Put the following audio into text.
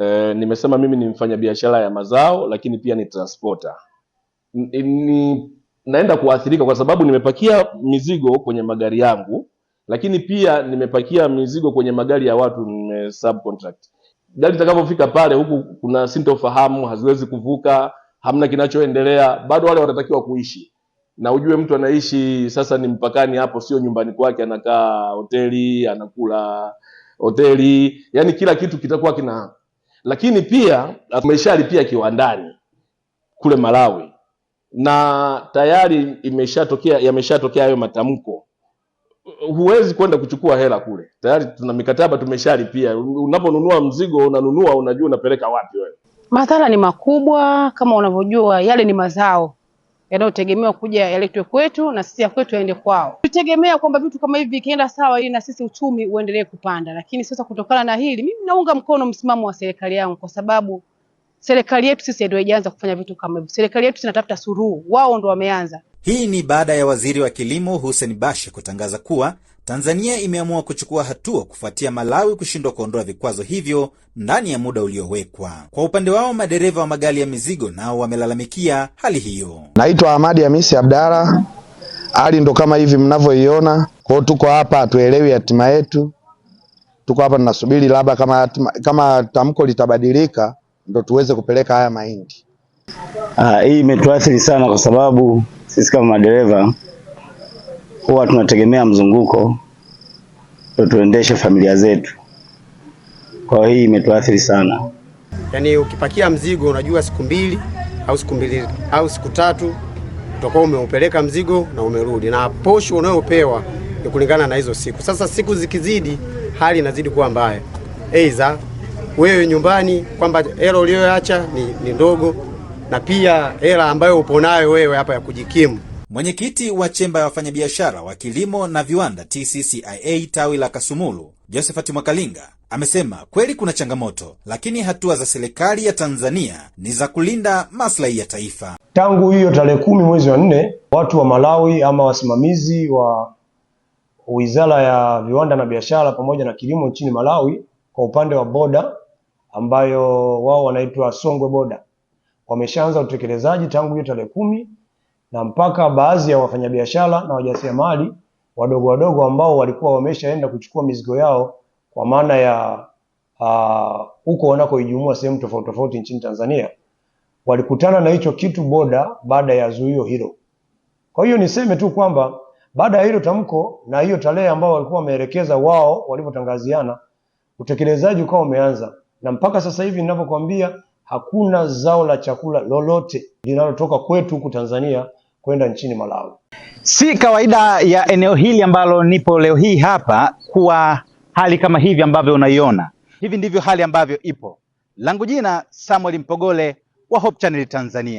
e, nimesema mimi ni mfanyabiashara ya mazao, lakini pia ni transporter. Ni naenda kuathirika kwa sababu nimepakia mizigo kwenye magari yangu, lakini pia nimepakia mizigo kwenye magari ya watu, nime subcontract. Gari litakapofika pale, huku kuna sintofahamu, haziwezi kuvuka, hamna kinachoendelea, bado wale watatakiwa kuishi na ujue mtu anaishi sasa ni mpakani hapo, sio nyumbani kwake, anakaa hoteli, anakula hoteli, yani kila kitu kitakuwa kina lakini pia tumeshalipia kiwandani kule Malawi na tayari imeshatokea yameshatokea hayo matamko. Huwezi kwenda kuchukua hela kule, tayari tuna mikataba tumeshalipia. Unaponunua mzigo unanunua, unajua unapeleka wapi wewe. Madhara ni makubwa kama unavyojua, yale ni mazao yanayotegemewa kuja yaletwe kwetu na sisi ya kwetu yaende kwao. Tutegemea kwamba vitu kama hivi vikienda sawa, ili na sisi uchumi uendelee kupanda, lakini sasa kutokana na hili, mimi naunga mkono msimamo wa serikali yangu kwa sababu serikali yetu sisi ndio haijaanza kufanya vitu kama hivi. Serikali yetu inatafuta suluhu, wao ndio wameanza. Hii ni baada ya waziri wa kilimo Hussein Bashe kutangaza kuwa Tanzania imeamua kuchukua hatua kufuatia Malawi kushindwa kuondoa vikwazo hivyo ndani ya muda uliowekwa. Kwa upande wao, madereva wa magari ya mizigo nao wamelalamikia hali hiyo. Naitwa Ahmadi Hamisi Abdalla. Hali ndo kama hivi mnavyoiona, kwao tuko hapa, hatuelewi hatima yetu, tuko hapa tunasubiri labda kama, kama tamko litabadilika ndo tuweze kupeleka haya mahindi. Ah, hii imetuathiri sana kwa sababu sisi kama madereva huwa tunategemea mzunguko ndio tuendeshe familia zetu. Kwa hii imetuathiri sana. Yaani ukipakia mzigo unajua siku mbili au siku mbili au siku tatu utakuwa umeupeleka mzigo na umerudi, na posho unayopewa ni kulingana na hizo siku. Sasa siku zikizidi, hali inazidi kuwa mbaya, aidha wewe nyumbani kwamba hela uliyoacha ni, ni ndogo na pia hela ambayo upo nayo wewe hapa ya kujikimu. Mwenyekiti wa chemba ya wafanyabiashara wa kilimo na viwanda TCCIA tawi la Kasumulu, Josephat Mwakalinga amesema kweli kuna changamoto, lakini hatua za serikali ya Tanzania ni za kulinda maslahi ya taifa. Tangu hiyo tarehe kumi mwezi wa nne, watu wa Malawi ama wasimamizi wa wizara ya viwanda na biashara pamoja na kilimo nchini Malawi, kwa upande wa boda ambayo wao wanaitwa Songwe boda wameshaanza utekelezaji tangu hiyo tarehe kumi na mpaka baadhi ya wafanyabiashara na wajasiriamali wadogo wadogo ambao walikuwa wameshaenda kuchukua mizigo yao kwa maana ya huko uh, wanakoijumua sehemu tofauti tofauti nchini Tanzania walikutana na hicho kitu boda baada ya zuio hilo. Kwa hiyo niseme tu kwamba baada ya hilo tamko na hiyo tarehe ambao walikuwa wameelekeza wao walivyotangaziana, utekelezaji ukawa umeanza, na mpaka sasa hivi ninavyokuambia hakuna zao la chakula lolote linalotoka kwetu huku Tanzania kwenda nchini Malawi. Si kawaida ya eneo hili ambalo nipo leo hii hapa kuwa hali kama hivi ambavyo unaiona. Hivi ndivyo hali ambavyo ipo. Langu jina Samuel Mpogole wa Hope Channel Tanzania.